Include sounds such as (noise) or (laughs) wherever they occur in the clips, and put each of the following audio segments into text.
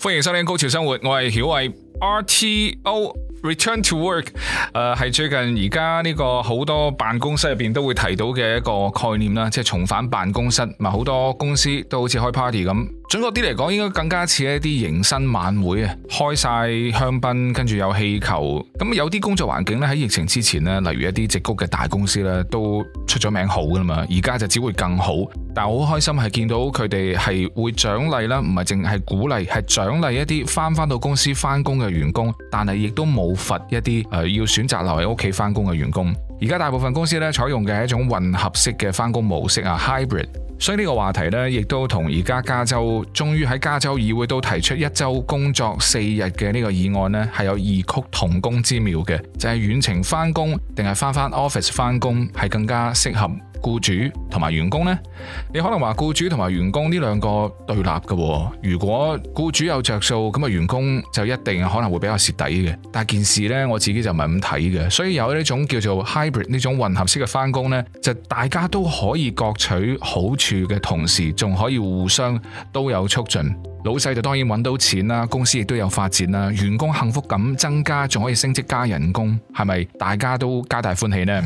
歡迎收聽《高潮生活》，我，我係曉偉，RTO Return to Work，誒、呃、係最近而家呢個好多辦公室入邊都會提到嘅一個概念啦，即係重返辦公室，咪好多公司都好似開 party 咁。準確啲嚟講，應該更加似一啲迎新晚會啊！開晒香檳，跟住有氣球。咁有啲工作環境咧，喺疫情之前咧，例如一啲矽谷嘅大公司咧，都出咗名好㗎嘛。而家就只會更好。但係我好開心係見到佢哋係會獎勵啦，唔係淨係鼓勵，係獎勵一啲翻翻到公司翻工嘅員工。但係亦都冇罰一啲誒要選擇留喺屋企翻工嘅員工。而家大部分公司咧採用嘅係一種混合式嘅翻工模式啊，hybrid。所以呢個話題呢，亦都同而家加州終於喺加州議會都提出一周工作四日嘅呢個議案呢，係有異曲同工之妙嘅，就係、是、遠程返工定係返返 office 返工係更加適合？僱主同埋員工呢，你可能話僱主同埋員工呢兩個對立嘅哦。如果僱主有着數，咁啊員工就一定可能會比較蝕底嘅。但係件事呢，我自己就唔係咁睇嘅。所以有呢種叫做 hybrid 呢種混合式嘅返工呢，就大家都可以各取好處嘅同時，仲可以互相都有促進。老細就當然揾到錢啦，公司亦都有發展啦，員工幸福感增加，仲可以升職加人工，係咪大家都皆大歡喜呢？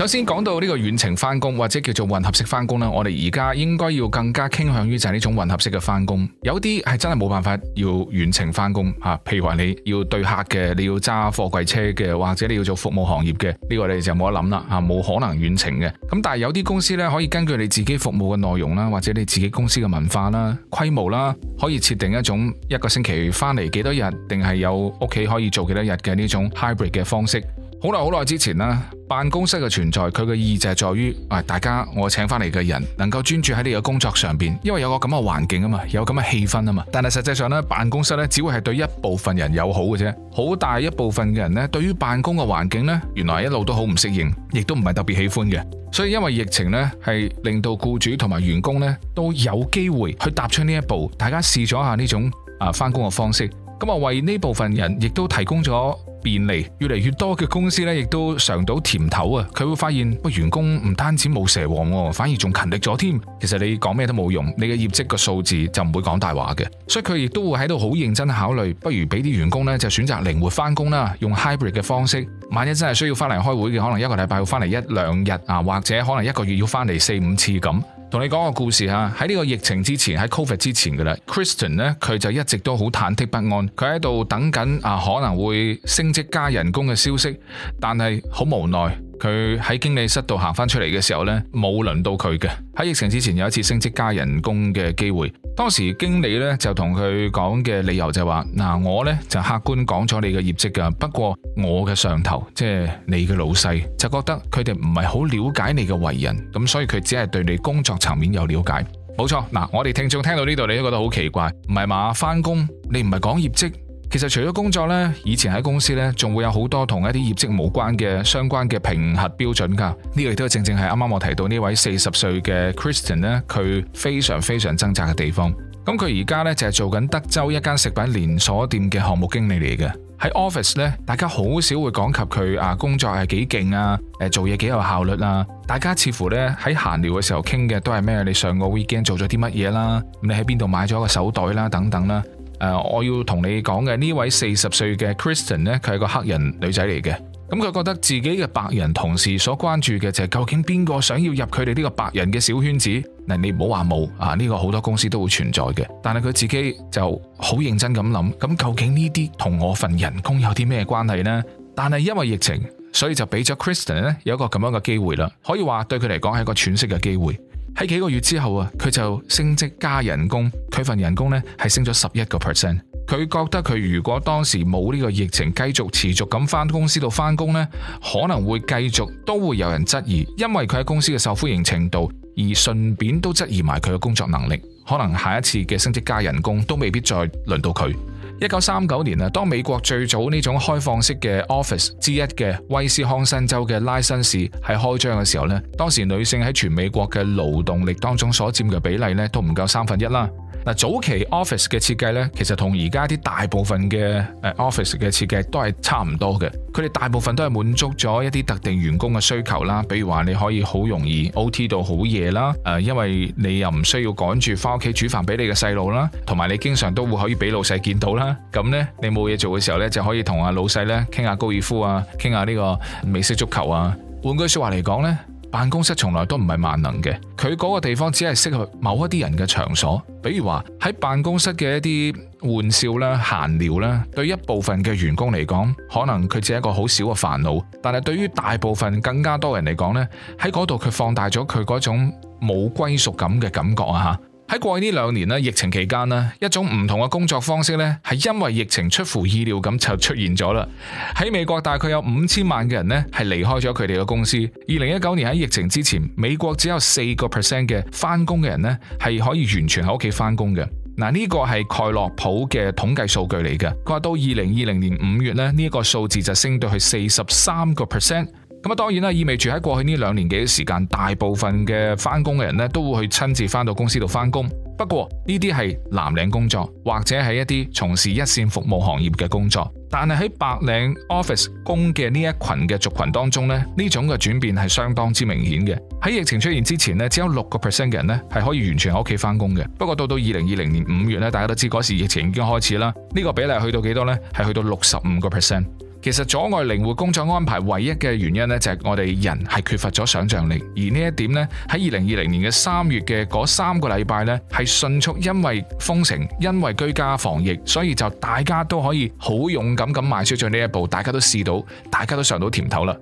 首先講到呢個遠程翻工，或者叫做混合式翻工咧，我哋而家應該要更加傾向於就係呢種混合式嘅翻工。有啲係真係冇辦法要遠程翻工吓，譬如話你要對客嘅，你要揸貨櫃車嘅，或者你要做服務行業嘅，呢個你就冇得諗啦吓，冇可能遠程嘅。咁但係有啲公司呢，可以根據你自己服務嘅內容啦，或者你自己公司嘅文化啦、規模啦，可以設定一種一個星期翻嚟幾多日，定係有屋企可以做幾多日嘅呢種 hybrid 嘅方式。好耐好耐之前啦，辦公室嘅存在，佢嘅意義就係在於，誒，大家我請翻嚟嘅人能夠專注喺你嘅工作上邊，因為有個咁嘅環境啊嘛，有咁嘅氣氛啊嘛。但係實際上咧，辦公室咧只會係對一部分人友好嘅啫，好大一部分嘅人咧，對於辦公嘅環境咧，原來一路都好唔適應，亦都唔係特別喜歡嘅。所以因為疫情咧，係令到僱主同埋員工咧都有機會去踏出呢一步，大家試咗下呢種啊翻工嘅方式，咁啊為呢部分人亦都提供咗便利，越嚟越多嘅公司咧，亦都嘗到甜頭啊！佢會發現，個員工唔單止冇蛇王，反而仲勤力咗添。其實你講咩都冇用，你嘅業績個數字就唔會講大話嘅。所以佢亦都會喺度好認真考慮，不如俾啲員工咧就選擇靈活翻工啦，用 hybrid 嘅方式。萬一真係需要翻嚟開會嘅，可能一個禮拜要翻嚟一兩日啊，或者可能一個月要翻嚟四五次咁。同你講個故事吓，喺呢個疫情之前，喺 Covid 之前噶啦，Christian 呢，佢就一直都好忐忑不安，佢喺度等緊啊，可能會升職加人工嘅消息，但係好無奈，佢喺經理室度行翻出嚟嘅時候呢，冇輪到佢嘅，喺疫情之前有一次升職加人工嘅機會。當時經理呢就同佢講嘅理由就話：嗱，我呢就客觀講咗你嘅業績噶，不過我嘅上頭即係、就是、你嘅老細就覺得佢哋唔係好了解你嘅為人，咁所以佢只係對你工作層面有了解。冇錯，嗱，我哋聽眾聽到呢度，你都覺得好奇怪，唔係嘛？返工你唔係講業績。其實除咗工作呢，以前喺公司呢仲會有好多同一啲業績無關嘅相關嘅評核標準噶。呢個亦都正正係啱啱我提到呢位四十歲嘅 Kristen 呢，佢非常非常掙扎嘅地方。咁佢而家呢，就係做緊德州一間食品連鎖店嘅項目經理嚟嘅。喺 office 呢，大家好少會講及佢啊工作係幾勁啊，誒做嘢幾有效率啊。大家似乎呢，喺閒聊嘅時候傾嘅都係咩？你上個 weekend 做咗啲乜嘢啦？你喺邊度買咗個手袋啦？等等啦。誒，我要同你講嘅呢位四十歲嘅 Kristen 咧，佢係個黑人女仔嚟嘅。咁佢覺得自己嘅白人同事所關注嘅就係究竟邊個想要入佢哋呢個白人嘅小圈子。嗱，你唔好話冇啊，呢個好多公司都會存在嘅。但係佢自己就好認真咁諗，咁究竟呢啲同我份人工有啲咩關係呢？但係因為疫情，所以就俾咗 Kristen 咧有一個咁樣嘅機會啦。可以話對佢嚟講係一個喘息嘅機會。喺幾個月之後啊，佢就升職加人工，佢份人工咧係升咗十一個 percent。佢覺得佢如果當時冇呢個疫情繼續持續咁返公司度返工咧，可能會繼續都會有人質疑，因為佢喺公司嘅受歡迎程度而順便都質疑埋佢嘅工作能力，可能下一次嘅升職加人工都未必再輪到佢。一九三九年啊，當美國最早呢種開放式嘅 office 之一嘅威斯康辛州嘅拉辛市係開張嘅時候呢，當時女性喺全美國嘅勞動力當中所佔嘅比例咧，都唔夠三分一啦。嗱，早期 office 嘅設計呢，其實同而家啲大部分嘅 office 嘅設計都係差唔多嘅。佢哋大部分都係滿足咗一啲特定員工嘅需求啦，比如話你可以好容易 OT 到好夜啦，誒，因為你又唔需要趕住翻屋企煮飯俾你嘅細路啦，同埋你經常都會可以俾老細見到啦。咁呢，你冇嘢做嘅時候呢，就可以同阿老細呢傾下高爾夫啊，傾下呢個美式足球啊。換句説話嚟講呢。辦公室從來都唔係萬能嘅，佢嗰個地方只係適合某一啲人嘅場所。比如話喺辦公室嘅一啲玩笑啦、閒聊啦，對一部分嘅員工嚟講，可能佢只係一個好小嘅煩惱。但係對於大部分更加多人嚟講呢，喺嗰度佢放大咗佢嗰種冇歸屬感嘅感覺啊！吓。喺過去呢兩年呢，疫情期間呢，一種唔同嘅工作方式呢，係因為疫情出乎意料咁就出現咗啦。喺美國大概有五千萬嘅人呢係離開咗佢哋嘅公司。二零一九年喺疫情之前，美國只有四個 percent 嘅翻工嘅人呢，係可以完全喺屋企翻工嘅。嗱呢個係蓋洛普嘅統計數據嚟嘅。佢話到二零二零年五月呢，呢一個數字就升到去四十三個 percent。咁啊，當然啦，意味住喺過去呢兩年幾嘅時間，大部分嘅翻工嘅人咧，都會去親自翻到公司度翻工。不過呢啲係藍領工作，或者係一啲從事一線服務行業嘅工作。但係喺白領 office 工嘅呢一群嘅族群當中咧，呢種嘅轉變係相當之明顯嘅。喺疫情出現之前咧，只有六個 percent 嘅人咧係可以完全喺屋企翻工嘅。不過到到二零二零年五月咧，大家都知嗰時疫情已經開始啦，呢個比例去到幾多呢？係去到六十五個 percent。其實阻礙靈活工作安排唯一嘅原因呢，就係我哋人係缺乏咗想象力。而呢一點呢，喺二零二零年嘅三月嘅嗰三個禮拜呢，係迅速因為封城、因為居家防疫，所以就大家都可以好勇敢咁邁出咗呢一步，大家都試到，大家都上到甜頭啦。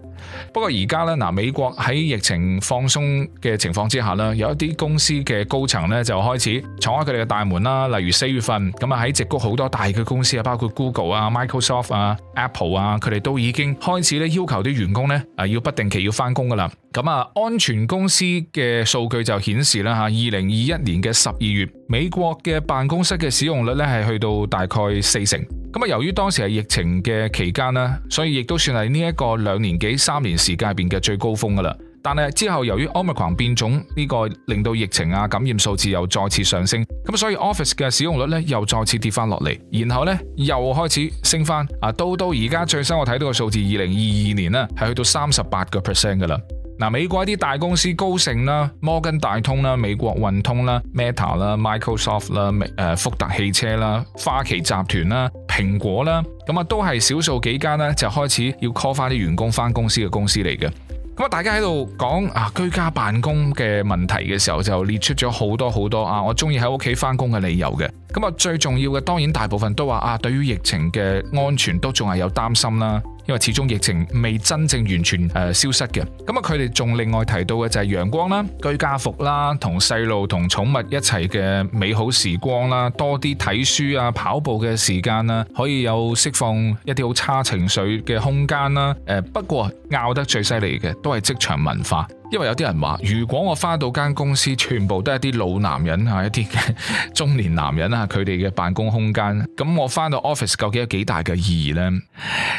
不過而家咧，嗱，美國喺疫情放鬆嘅情況之下咧，有一啲公司嘅高層咧就開始敞開佢哋嘅大門啦。例如四月份，咁啊喺直谷好多大嘅公司啊，包括 Google 啊、Microsoft 啊、Apple 啊，佢哋都已經開始咧要求啲員工咧啊要不定期要返工㗎喇。咁啊，安全公司嘅數據就顯示啦吓，二零二一年嘅十二月，美國嘅辦公室嘅使用率咧係去到大概四成。咁啊，由於當時係疫情嘅期間啦，所以亦都算係呢一個兩年幾三年時間入邊嘅最高峰噶啦。但係之後，由於 Omicron 變種，呢個令到疫情啊感染數字又再次上升，咁所以 office 嘅使用率咧又再次跌翻落嚟，然後咧又開始升翻啊，到到而家最新我睇到嘅數字，二零二二年呢係去到三十八個 percent 噶啦。嗱，美國一啲大公司高盛啦、摩根大通啦、美國運通啦、Meta 啦、Microsoft 啦、誒福特汽車啦、花旗集團啦、蘋果啦，咁啊都係少數幾間咧，就開始要 call 翻啲員工翻公司嘅公司嚟嘅。咁啊，大家喺度講啊居家辦公嘅問題嘅時候，就列出咗好多好多啊，我中意喺屋企翻工嘅理由嘅。咁啊，最重要嘅當然大部分都話啊，對於疫情嘅安全都仲係有擔心啦。因為始終疫情未真正完全誒消失嘅，咁啊佢哋仲另外提到嘅就係陽光啦、居家服啦、同細路同寵物一齊嘅美好時光啦，多啲睇書啊、跑步嘅時間啦，可以有釋放一啲好差情緒嘅空間啦。誒，不過拗得最犀利嘅都係職場文化。因為有啲人話，如果我翻到間公司，全部都係啲老男人啊，一啲嘅 (laughs) 中年男人啊，佢哋嘅辦公空間，咁我翻到 office 究竟有幾大嘅意義呢？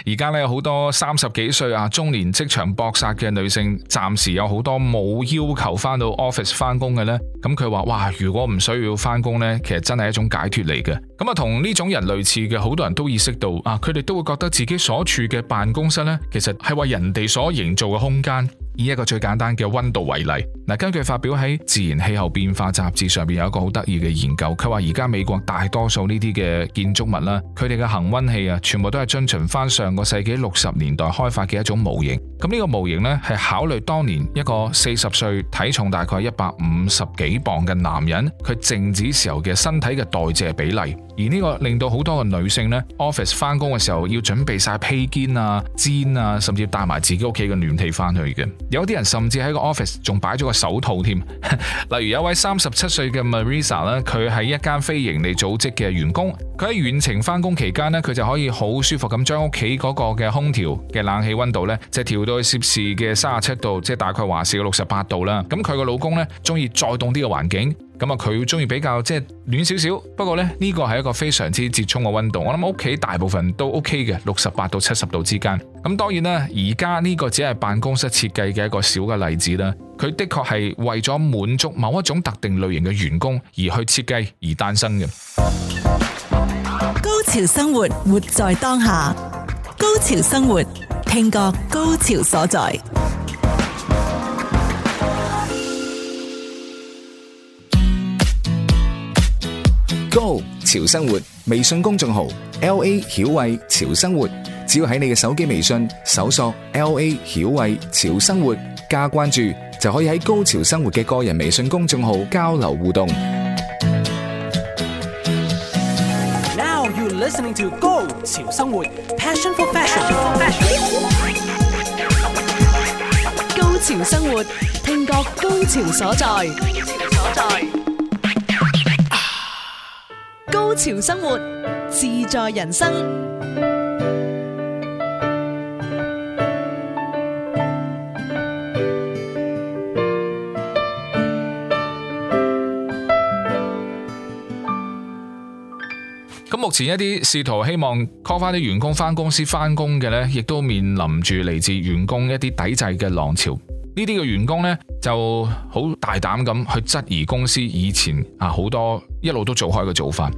而家咧有好多三十幾歲啊，中年職場搏殺嘅女性，暫時有好多冇要求翻到 office 翻工嘅呢。咁佢話：哇，如果唔需要翻工呢，其實真係一種解脫嚟嘅。咁啊，同呢種人類似嘅，好多人都意識到啊，佢哋都會覺得自己所處嘅辦公室呢，其實係為人哋所營造嘅空間。以一個最簡單嘅温度為例，嗱，根據發表喺《自然氣候變化雜誌》上邊有一個好得意嘅研究，佢話而家美國大多數呢啲嘅建築物啦，佢哋嘅恒温器啊，全部都係遵循翻上個世紀六十年代開發嘅一種模型。咁、這、呢個模型呢，係考慮當年一個四十歲、體重大概一百五十幾磅嘅男人佢靜止時候嘅身體嘅代謝比例，而呢個令到好多個女性咧 office 翻工嘅時候要準備晒披肩啊、氈啊，甚至帶埋自己屋企嘅暖氣翻去嘅。有啲人甚至喺個 office 仲擺咗個手套添。 (laughs) 例如有位三十七歲嘅 Marisa 呢，佢係一間非營利組織嘅員工，佢喺遠程翻工期間呢，佢就可以好舒服咁將屋企嗰個嘅空調嘅冷氣温度呢，就調到攝氏嘅三十七度，即係大概華氏嘅六十八度啦。咁佢個老公呢，中意再凍啲嘅環境。咁啊，佢中意比較即係、就是、暖少少，不過咧呢個係一個非常之折衷嘅温度。我諗屋企大部分都 OK 嘅，六十八到七十度之間。咁當然啦，而家呢個只係辦公室設計嘅一個小嘅例子啦。佢的確係為咗滿足某一種特定類型嘅員工而去設計而誕生嘅。高潮生活，活在當下。高潮生活，聽覺高潮所在。Go 潮生活微信公眾號 L A 曉慧潮生活，只要喺你嘅手機微信搜索 L A 曉慧潮生活加關注，就可以喺高潮生活嘅個人微信公眾號交流互動。Now you're listening to 高潮生活，Passion for fashion。高潮生活，聽覺高潮所在。高潮高潮生活，自在人生。咁目前一啲試圖希望 call 翻啲員工翻公司翻工嘅呢，亦都面臨住嚟自員工一啲抵制嘅浪潮。呢啲嘅員工呢，就好大膽咁去質疑公司以前啊好多一路都做開嘅做法。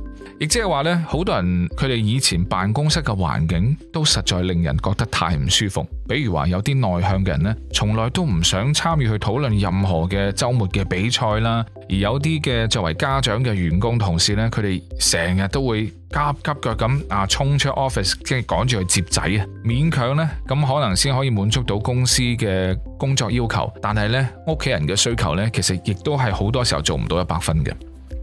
亦即係話咧，好多人佢哋以前辦公室嘅環境都實在令人覺得太唔舒服。比如話有啲內向嘅人呢，從來都唔想參與去討論任何嘅周末嘅比賽啦。而有啲嘅作為家長嘅員工同事呢，佢哋成日都會急急腳咁，啊衝出 office，即係趕住去接仔啊，勉強呢，咁可能先可以滿足到公司嘅工作要求。但係呢，屋企人嘅需求呢，其實亦都係好多時候做唔到一百分嘅。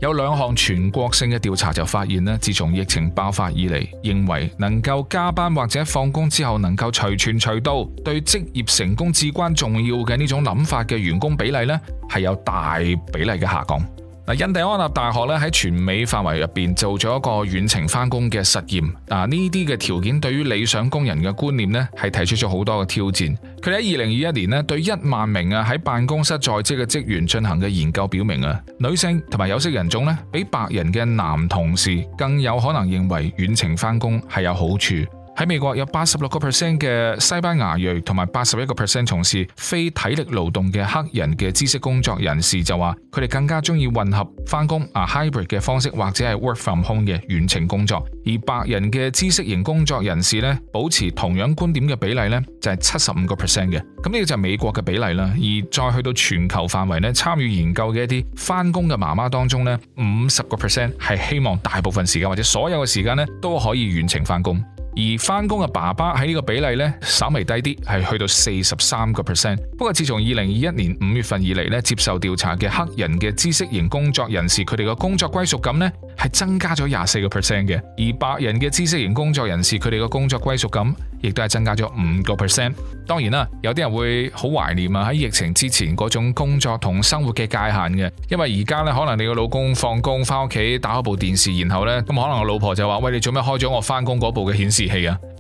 有兩項全國性嘅調查就發現咧，自從疫情爆發以嚟，認為能夠加班或者放工之後能夠隨傳隨到，對職業成功至關重要嘅呢種諗法嘅員工比例，呢係有大比例嘅下降。印第安納大學咧，喺全美範圍入邊做咗一個遠程返工嘅實驗。嗱，呢啲嘅條件對於理想工人嘅觀念咧，係提出咗好多嘅挑戰。佢喺二零二一年咧，對一萬名啊喺辦公室在職嘅職員進行嘅研究表明啊，女性同埋有色人種咧，比白人嘅男同事更有可能認為遠程返工係有好處。喺美國有八十六個 percent 嘅西班牙裔同埋八十一個 percent 從事非體力勞動嘅黑人嘅知識工作人士就話，佢哋更加中意混合翻工啊 hybrid 嘅方式或者係 work from home 嘅遠程工作。而白人嘅知識型工作人士咧，保持同樣觀點嘅比例咧就係七十五個 percent 嘅。咁呢個就係美國嘅比例啦。而再去到全球範圍咧，參與研究嘅一啲翻工嘅媽媽當中咧，五十個 percent 係希望大部分時間或者所有嘅時間咧都可以遠程翻工。而返工嘅爸爸喺呢個比例咧，稍微低啲，係去到四十三個 percent。不過自從二零二一年五月份以嚟咧，接受調查嘅黑人嘅知識型工作人士，佢哋嘅工作歸屬感咧係增加咗廿四個 percent 嘅。而白人嘅知識型工作人士，佢哋嘅工作歸屬感亦都係增加咗五個 percent。當然啦，有啲人會好懷念啊，喺疫情之前嗰種工作同生活嘅界限嘅，因為而家咧可能你個老公放工翻屋企打開部電視，然後咧咁可能我老婆就話：喂，你做咩開咗我返工嗰部嘅顯示？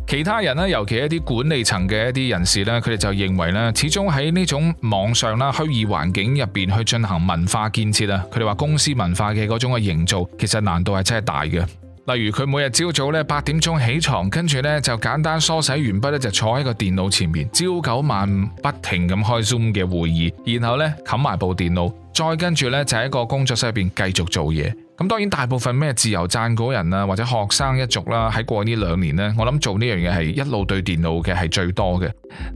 其他人咧，尤其一啲管理層嘅一啲人士咧，佢哋就認為咧，始終喺呢種網上啦、虛擬環境入邊去進行文化建設啊，佢哋話公司文化嘅嗰種嘅營造，其實難度係真係大嘅。例如佢每日朝早咧八點鐘起床，跟住呢就簡單梳洗完畢咧，就坐喺個電腦前面，朝九晚五不停咁開 Zoom 嘅會議，然後呢冚埋部電腦，再跟住呢就喺個工作室入邊繼續做嘢。咁當然大部分咩自由撰稿人啊，或者學生一族啦，喺過呢兩年呢，我諗做呢樣嘢係一路對電腦嘅係最多嘅。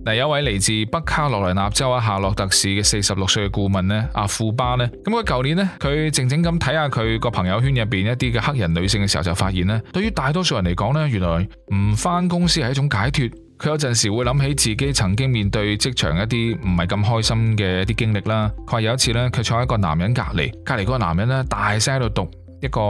嗱，有位嚟自北卡羅來納州啊夏洛特市嘅四十六歲嘅顧問呢，阿富巴呢，咁佢舊年呢，佢靜靜咁睇下佢個朋友圈入邊一啲嘅黑人女性嘅時候，就發現呢，對於大多數人嚟講呢，原來唔返公司係一種解脫。佢有陣時會諗起自己曾經面對職場一啲唔係咁開心嘅一啲經歷啦。佢話有一次呢，佢坐喺一個男人隔籬，隔籬嗰個男人呢，大聲喺度讀一個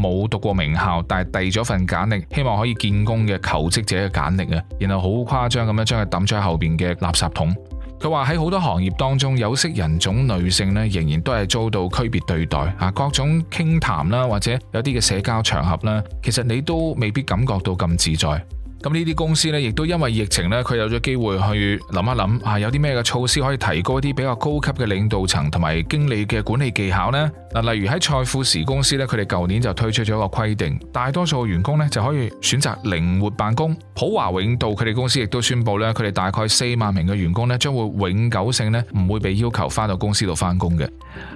冇讀過名校但係遞咗份簡歷希望可以見工嘅求職者嘅簡歷啊，然後好誇張咁樣將佢抌咗喺後邊嘅垃圾桶。佢話喺好多行業當中，有色人種女性呢，仍然都係遭到區別對待啊，各種傾談啦或者有啲嘅社交場合啦，其實你都未必感覺到咁自在。咁呢啲公司呢，亦都因為疫情呢，佢有咗機會去諗一諗，啊，有啲咩嘅措施可以提高啲比較高級嘅領導層同埋經理嘅管理技巧呢？嗱，例如喺賽富時公司咧，佢哋舊年就推出咗一個規定，大多數嘅員工咧就可以選擇靈活辦公。普華永道佢哋公司亦都宣佈咧，佢哋大概四萬名嘅員工咧將會永久性咧唔會被要求翻到公司度翻工嘅。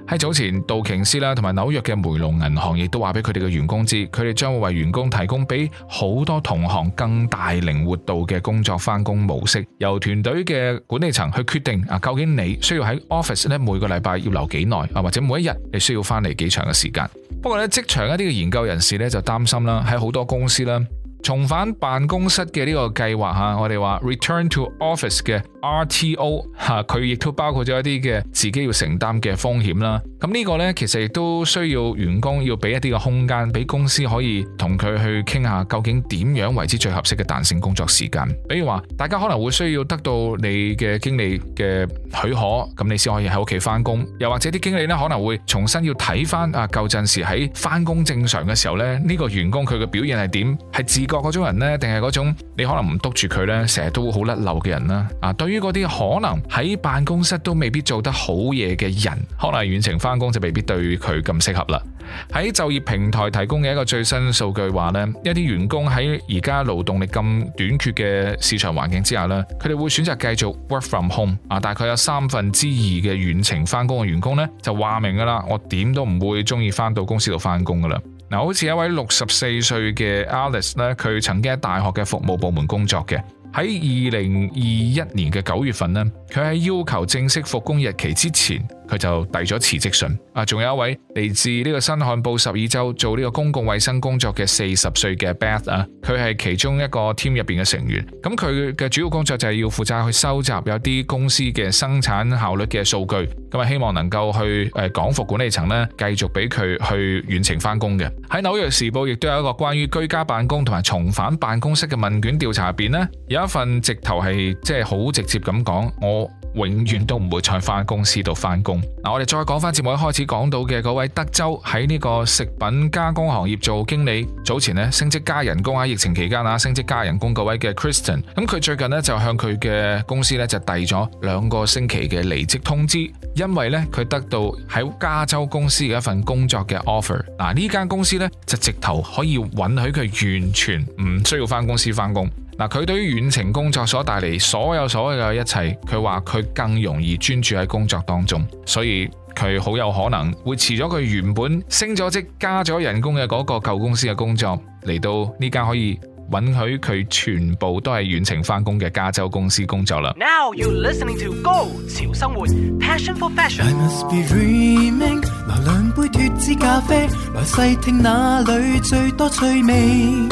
喺早前，道瓊斯啦同埋紐約嘅梅隆銀行亦都話俾佢哋嘅員工知，佢哋將會為員工提供比好多同行更大靈活度嘅工作翻工模式，由團隊嘅管理層去決定啊，究竟你需要喺 office 咧每個禮拜要留幾耐啊，或者每一日你需要。翻嚟幾長嘅時間，不過咧，職場一啲嘅研究人士咧就擔心啦，喺好多公司啦。重返辦公室嘅呢個計劃嚇，我哋話 return to office 嘅 RTO 嚇，佢亦都包括咗一啲嘅自己要承擔嘅風險啦。咁呢個呢，其實亦都需要員工要俾一啲嘅空間，俾公司可以同佢去傾下，究竟點樣為之最合適嘅彈性工作時間。比如話，大家可能會需要得到你嘅經理嘅許可，咁你先可以喺屋企翻工。又或者啲經理咧，可能會重新要睇翻啊，舊陣時喺翻工正常嘅時候呢，呢個員工佢嘅表現係點，係自。嗰種人呢，定係嗰種你可能唔督住佢呢，成日都好甩漏嘅人啦。啊，對於嗰啲可能喺辦公室都未必做得好嘢嘅人，可能遠程翻工就未必對佢咁適合啦。喺就業平台提供嘅一個最新數據話呢，一啲員工喺而家勞動力咁短缺嘅市場環境之下呢，佢哋會選擇繼續 work from home 啊。大概有三分之二嘅遠程翻工嘅員工呢，就話明噶啦，我點都唔會中意翻到公司度翻工噶啦。好似一位六十四歲嘅 Alice 咧，佢曾經喺大學嘅服務部門工作嘅。喺二零二一年嘅九月份咧，佢喺要求正式復工日期之前。佢就遞咗辭職信啊。仲有一位嚟自呢個新罕布什爾州做呢個公共衛生工作嘅四十歲嘅 Beth 啊，佢係其中一個 team 入邊嘅成員。咁佢嘅主要工作就係要負責去收集有啲公司嘅生產效率嘅數據。咁啊，希望能夠去誒廣府管理層呢，繼續俾佢去遠程返工嘅。喺紐約時報亦都有一個關於居家辦公同埋重返辦公室嘅問卷調查入邊咧，有一份直頭係即係好直接咁講我，永遠都唔會再翻公司度翻工。嗱，我哋再講翻節目一開始講到嘅嗰位德州喺呢個食品加工行業做經理，早前咧升職加人工，喺疫情期間啊升職加人工嗰位嘅 Kristen，咁佢最近咧就向佢嘅公司咧就遞咗兩個星期嘅離職通知，因為咧佢得到喺加州公司嘅一份工作嘅 offer。嗱，呢間公司咧就直頭可以允許佢完全唔需要翻公司翻工。嗱，佢對於遠程工作所帶嚟所有所有嘅一切，佢話佢。更容易專注喺工作當中，所以佢好有可能會辭咗佢原本升咗職、加咗人工嘅嗰個舊公司嘅工作，嚟到呢間可以允許佢全部都係遠程翻工嘅加州公司工作啦。Now you listening to go 潮生活，passion for fashion。I must be dreaming。來兩杯脱脂咖啡，來細聽哪裏最多趣味，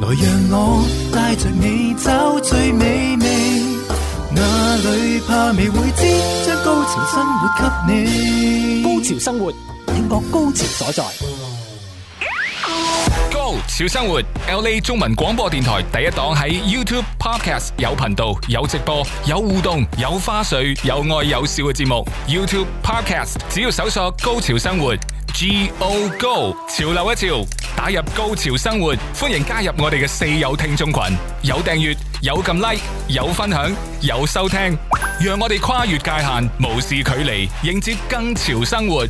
來讓我帶着你走最美味。哪裏怕未會知？將高潮生活給你。高潮生活，聽我高潮所在。高潮生活，LA 中文廣播電台第一檔喺 YouTube Podcast 有頻道、有直播、有互動、有花絮、有愛有笑嘅節目。YouTube Podcast 只要搜索“高潮生活”。G O Go，潮流一潮，打入高潮生活，歡迎加入我哋嘅四友聽眾群，有訂閱，有撳 Like，有分享，有收聽，讓我哋跨越界限，無視距離，迎接更潮生活。